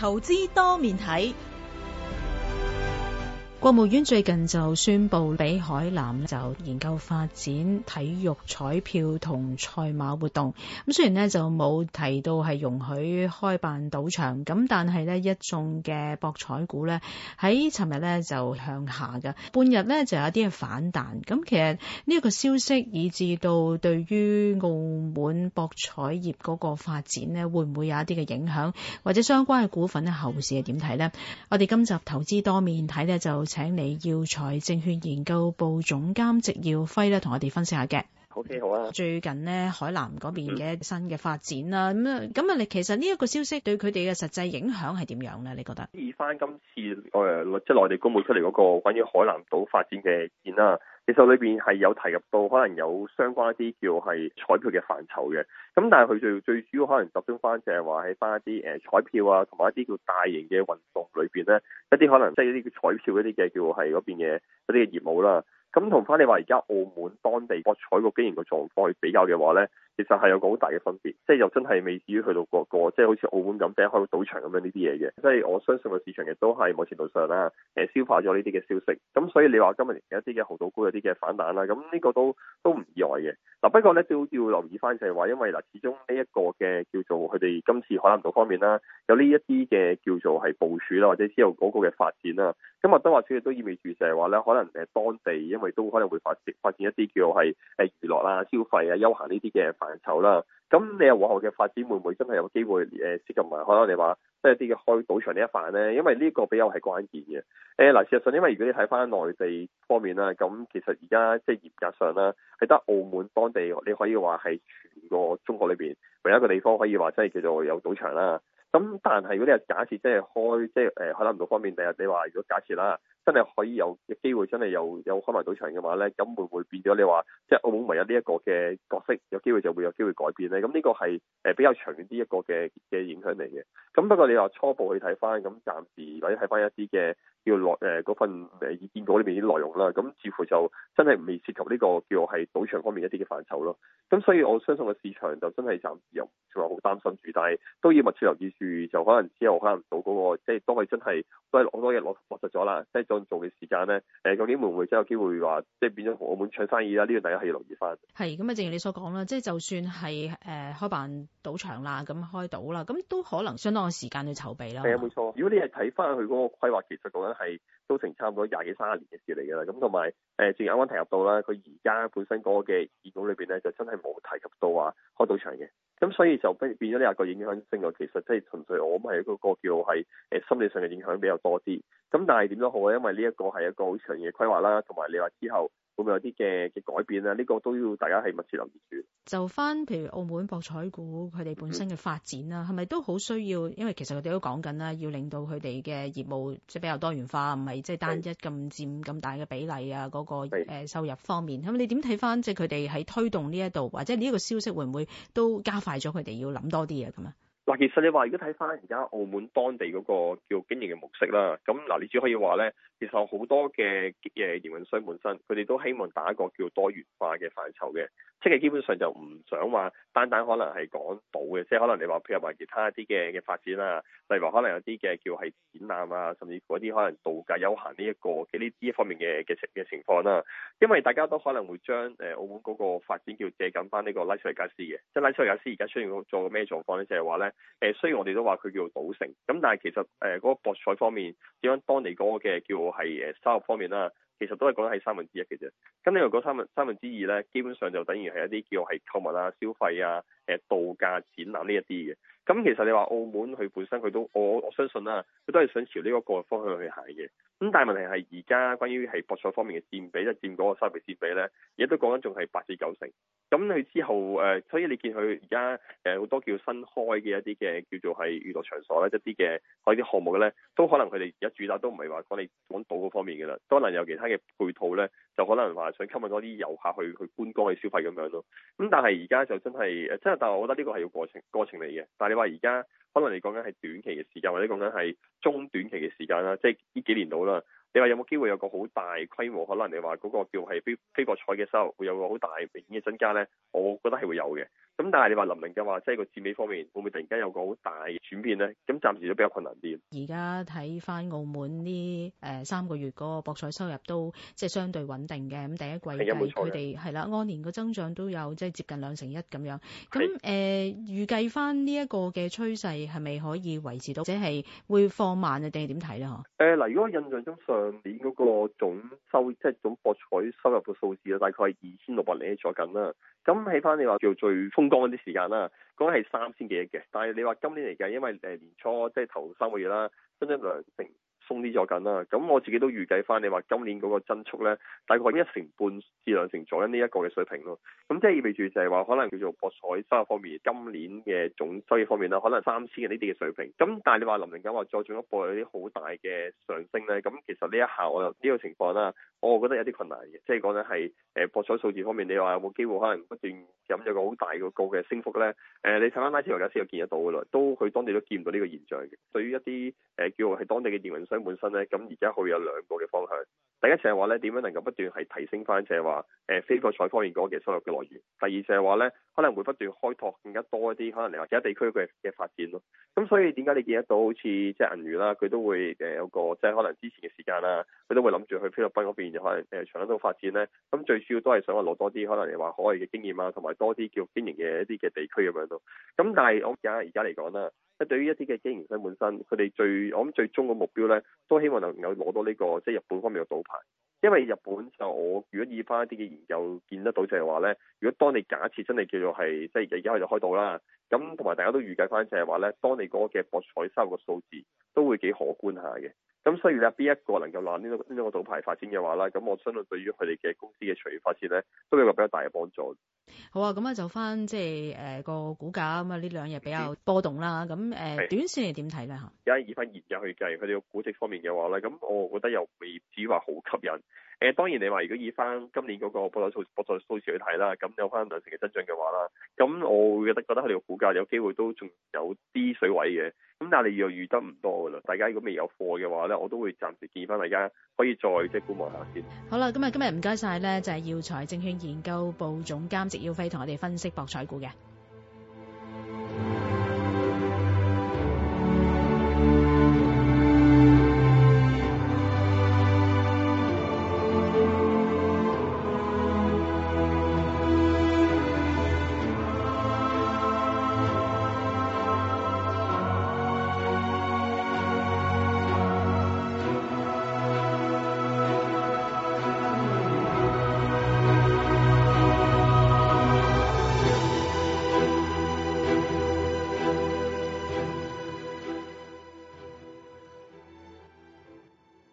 投資多面睇。國務院最近就宣布俾海南就研究發展體育彩票同賽馬活動，咁雖然呢就冇提到係容許開辦賭場，咁但係呢一眾嘅博彩股呢喺尋日呢就向下嘅，半日呢就有啲嘅反彈，咁其實呢一個消息以至到對於澳門博彩業嗰個發展呢會唔會有一啲嘅影響，或者相關嘅股份呢後市係點睇呢？我哋今集投資多面睇呢就。請你耀才證券研究部總監植耀輝咧，同我哋分析下嘅。OK，好啊！最近咧海南嗰邊嘅新嘅發展啦，咁啊、嗯，咁啊，你其實呢一個消息對佢哋嘅實際影響係點樣咧？你覺得？以翻今次即係、呃就是、內地公布出嚟嗰個關於海南島發展嘅展啦，其實裏面係有提及到可能有相關一啲叫係彩票嘅範疇嘅，咁但係佢最最主要可能集中翻就係話喺翻一啲、呃、彩票啊，同埋一啲叫大型嘅運動裏面咧，一啲可能即係、就是、一啲叫彩票一啲嘅叫係嗰邊嘅一啲嘅業務啦、啊。咁同翻你話而家澳門當地博彩個經營嘅狀況去比較嘅話咧，其實係有個好大嘅分別，即係又真係未至於去到個個，即係好似澳門咁第一開個賭場咁樣呢啲嘢嘅，即係我相信個市場亦都係某程度上啦，誒消化咗呢啲嘅消息，咁所以你話今日有一啲嘅豪賭股有啲嘅反彈啦，咁呢個都都唔意外嘅。嗱不過咧都要留意翻就係話，因為嗱，始終呢一個嘅叫做佢哋今次海南島方面啦，有呢一啲嘅叫做係部署啦，或者之後嗰個嘅發展啦，咁或多或少亦都意味住就係話咧，可能誒當地因為都可能會發展發展一啲叫係誒娛樂啦、消費啊、休閒呢啲嘅範疇啦。咁你又往後嘅發展會唔會真係有機會誒涉及埋可能你話即係啲開賭場一呢一範咧？因為呢個比較係關鍵嘅。誒、呃、嗱，事實上因為如果你睇翻內地方面啦，咁其實而家即係嚴格上啦，喺得澳門當地你可以話係全個中國裏面唯一一個地方可以話真係叫做有賭場啦。咁但係如果你係假設即係開即係誒海南島方面，第日你話如果假設啦。真係可以有機會，真係有有開埋賭場嘅話咧，咁會唔會變咗？你話即係澳門唯係有呢一個嘅角色，有機會就會有機會改變咧？咁呢個係誒比較長遠啲一個嘅嘅影響嚟嘅。咁不過你話初步去睇翻，咁暫時或者睇翻一啲嘅叫落誒嗰份誒意見稿裏面啲內容啦。咁似乎就真係未涉及呢個叫係賭場方面一啲嘅範疇咯。咁所以我相信個市場就真係暫時又唔算話好擔心住，但係都要密切留意住。就可能之後可能到嗰、那個即係當佢真係都係攞多嘢攞落實咗啦，即係。當做嘅時間咧，誒，究竟會唔會真係有機會話，即係變咗同澳門搶生意啦？呢個大家係要留意翻。係咁啊，正如你所講啦，即係就算係誒開辦賭場啦，咁開賭啦，咁都可能相當嘅時間去籌備啦。係啊，冇錯。如果你係睇翻佢嗰個規劃，其實講緊係都成差唔多廿幾三十年嘅事嚟㗎啦。咁同埋誒，正如啱啱提及到啦，佢而家本身嗰個嘅議稿裏邊咧，就真係冇提及到話開賭場嘅。咁所以就變變咗呢一個影響性啊，其實即係純粹我咪嗰個叫係誒心理上嘅影響比較多啲。咁但係點都好啊，因為呢一個係一個好長遠嘅規劃啦，同埋你話之後會唔會有啲嘅嘅改變啊？呢、呢個都要大家係密切留意住。就翻譬如澳門博彩股佢哋本身嘅發展啦，係咪、嗯、都好需要？因為其實佢哋都講緊啦，要令到佢哋嘅業務即係比較多元化，唔係即係單一咁佔咁大嘅比例啊，嗰、嗰個收入方面。咁是你點睇翻即係佢哋喺推動呢一度，或者呢個個消息會唔會都加快咗佢哋要諗多啲啊？咁啊？嗱，其實你話如果睇翻而家澳門當地嗰個叫經營嘅模式啦，咁嗱，你只可以話咧，其實好多嘅誒營運商本身佢哋都希望打一個叫多元化嘅範疇嘅，即係基本上就唔想話單單可能係講到嘅，即係可能你話譬如話其他一啲嘅嘅發展啊，例如話可能有啲嘅叫係展覽啊，甚至乎一啲可能度假休閒呢一個嘅呢啲方面嘅嘅情嘅情況啦，因為大家都可能會將誒澳門嗰個發展叫借緊翻呢個拉斯維加斯嘅，即係拉斯維加斯而家出現咗個咩狀況咧，就係話咧。誒雖然我哋都話佢叫做賭城，咁但係其實誒嗰個博彩方面，點樣當你嗰個嘅叫係誒收入方面啦，其實都係講係三分之一嘅啫。咁、那、呢個三分三分之二咧，基本上就等於係一啲叫係購物啊、消費啊。度假展覽呢一啲嘅，咁其實你話澳門佢本身佢都，我我相信啦，佢都係想朝呢個個方向去行嘅。咁但係問題係而家關於係博彩方面嘅佔比，即係佔嗰個收入佔比咧，而家都講緊仲係八至九成。咁佢之後，所以你見佢而家好多叫新開嘅一啲嘅叫做係娛樂場所呢，一啲嘅一啲項目咧，都可能佢哋而家主打都唔係話講你講賭嗰方面嘅啦，都可能有其他嘅配套咧，就可能話想吸引多啲遊客去去觀光去消費咁樣咯。咁但係而家就真係真係～但係我覺得呢個係要過程過程嚟嘅。但係你話而家可能你講緊係短期嘅時間，或者講緊係中短期嘅時間啦，即係呢幾年度啦。你話有冇機會有個好大規模，可能你話嗰個叫係非非博彩嘅收入會有個好大明顯嘅增加咧？我覺得係會有嘅。咁但係你話林明嘅話，即係個尾方面會唔會突然間有個好大嘅轉變咧？咁暫時都比較困難啲。而家睇翻澳門呢誒三個月個博彩收入都即係相對穩定嘅，咁第一季佢哋係啦，按年個增長都有即係接近兩成一咁樣。咁誒預計翻呢一個嘅趨勢係咪可以維持到，或者係會放慢啊？定係點睇咧？嗬？嗱，如果印象中上年嗰個總收即係總博彩收入嘅數字啊，大概係二千六百零一左近啦。咁喺翻你話叫最講嗰啲時間啦，講係三千幾億嘅，但係你話今年嚟嘅，因為誒年初即係頭三個月啦，真真兩成。通知咗緊啦、啊，咁我自己都預計翻，你話今年嗰個增速咧，大概一成半至兩成左右呢一個嘅水平咯。咁即係意味住就係話，可能叫做博彩收入方面，今年嘅總收益方面啦，可能三千嘅呢啲嘅水平。咁但係你話林玲講話再進一步有啲好大嘅上升咧，咁其實呢一下我又呢個情況啦、啊，我，我覺得有啲困難嘅，即係講緊係誒博彩數字方面，你話有冇機會可能不斷咁咗個好大個個嘅升幅咧？誒、呃，你睇翻拉斯維加斯又見得到嘅咯，都佢當地都見唔到呢個現象嘅。對於一啲誒、呃、叫做係當地嘅電雲商。本身咧，咁而家佢有兩個嘅方向。第一就係話咧，點樣能夠不斷係提升翻，就係話誒菲律賓方面嗰個嘅收入嘅來源。第二就係話咧，可能會不斷開拓更加多一啲，可能嚟話其他地區佢嘅發展咯。咁所以點解你見得到好似即係銀娛啦，佢都會誒有個即係可能之前嘅時間啦，佢都會諗住去菲律賓嗰邊，又可能誒長洲發展咧。咁最主要都係想話攞多啲可能嚟話海外嘅經驗啊，同埋多啲叫經營嘅一啲嘅地區咁樣咯。咁但係我而家而家嚟講啦。即係對於一啲嘅經營商本身，佢哋最我諗最終嘅目標咧，都希望能夠攞到呢個即係日本方面嘅賭牌。因為日本就我如果以翻一啲嘅研究見得到就係話咧，如果當你假設真係叫做係即係而家佢就開到啦，咁同埋大家都預計翻就係話咧，當你嗰個嘅博彩收入嘅數字都會幾可觀下嘅。咁所以咧，邊一個能夠攞呢個呢個賭牌發展嘅話咧，咁我相信對於佢哋嘅公司嘅長遠發展咧，都有個比較大嘅幫助。好啊，咁啊，就翻即係誒個股價咁啊呢兩日比較波動啦。咁誒，呃、是短線係點睇咧吓？而家以翻現價去計，佢哋個估值方面嘅話咧，咁我覺得又未至於話好吸引。誒當然你話如果以翻今年嗰個博彩數博彩數字去睇啦，咁有翻兩成嘅增長嘅話啦，咁我會覺得覺得佢哋個股價有機會都仲有啲水位嘅，咁但係你又預得唔多㗎啦。大家如果未有貨嘅話咧，我都會暫時建議翻大家可以再即係觀望下先。好啦，咁啊今日唔該晒咧，就係、是、耀才證券研究部總監謝耀輝同我哋分析博彩股嘅。